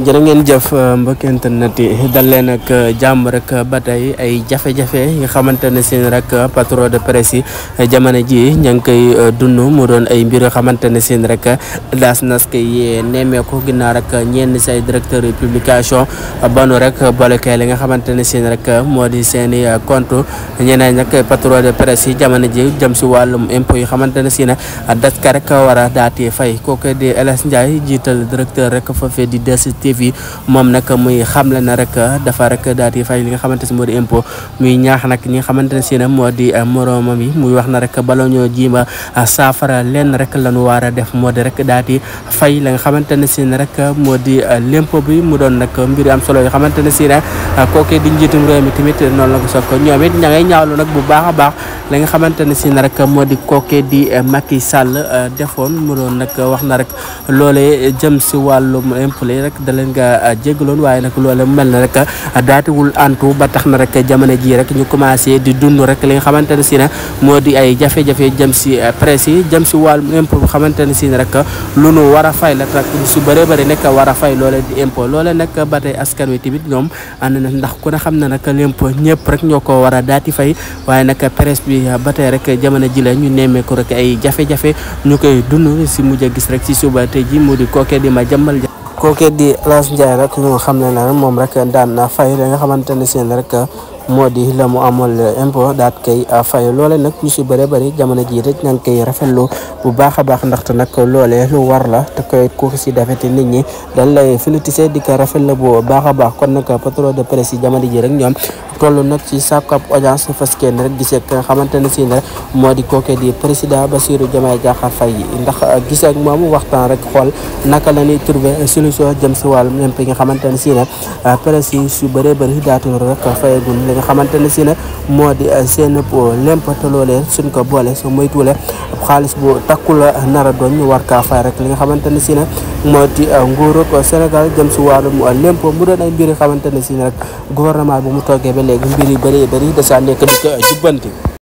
jërë ngeen jëf euh, mbokk internet yi dal leen ak euh, jàmm rek ba tey ay jafe-jafe yi nga xamante ne si rek euh, patron de presse yi jamono ji ña ngi koy dund mu doon ay mbir yoo xamante ne si rek daas nas koy nemmeeku ginnaaw rek ñenn si ay directeur yu publication banu rek bolekee li nga xamante ne si rek moo di seen i compte ñeneen nag patron de presse yi jamono ji jëm si wàllum impôt yi xamante ne si ne rek war a daati fay kooku di El Hadj jiital directeur rek foofee di DST TV moom nag muy xamle na rek dafa rek daal di fay li nga xamante si moo di impôt muy ñaax nag ñi nga xamante ne si na moo di eh, moroomam yi muy wax na rek bala ñoo jiima eh, saafara lenn rek a moo di rek eh, bi mu doon nag mbir am solo yoo xamante si ne kookee di njiitum réew mi tamit noonu la ko soog ko ñoom it ña ngay ñaawlu nag bu baax a baax la nga xamante ne si ne rek moo di kookee di Macky Sall defoon mu doon nag wax na rek loolee jëm si wàllum impôt rek leen nga ah, jéggaloon waaye nag loole mu mel na rek ah, daatiwul antu ba tax na rek jamono ji rek ñu commencé di dund rek li nga xamante ne si ne moo di ay jafe jëm si ah, presse yi jëm si wàllum impôt xamante ne si ne rek lu nu war fay la su bëree bëri nekk war a fay loole di impôt nag ba tey askan wi tamit ñoom ànd na ndax ku ne xam na nag l'impôt ñëpp rek ñoo ko war a daati fay waaye nag presse bi ba tey rek jamono ji la ñu nemmee ko rek ay jafe ñu koy dund si mujj a gis rek si suba te ji mu di kookee di ma jàmmal kookee di Lass Ndiaye rek ñu xam ne na moom rek daan na fay li nga xamante ne seen rek modi lamu la impo dat kay fay lolé nak ñu ci bëre bëri jamono ji rek ñang kay koy rafetlu bu baax a baax ndaxte nag loole lu war la te koy ko ci defeti nit ñi dañ lay filitisé di ko rafetlu bu baaxa baax kon nak patron de presse jamono ji rek ñom tollu nak ci sakap audience faské ne rek gisé ka nga ci ne modi ko moo di président basirou Diomaye Diakhar fay ndax gisé ak moom waxtan rek xol naka la ni trouver solution jëm ci wal impôt yi nga xamante ci si ne presse ci su bëree bëri daatul rek fayagun li nga xamante ne si nag moo di eh, seen lemp te suñ ko boole su moytuwule xaalis boo takku la nar a doon war kaa rek li nga xamante ne si ne moo di eh, nguurug Sénégal jëm si wàllum lemp mu doon ay mbir yi xamante ne si nag rek gouvernement bi mu toogee ba léegi mbir yu bëri bëri da nekk di ko jubbanti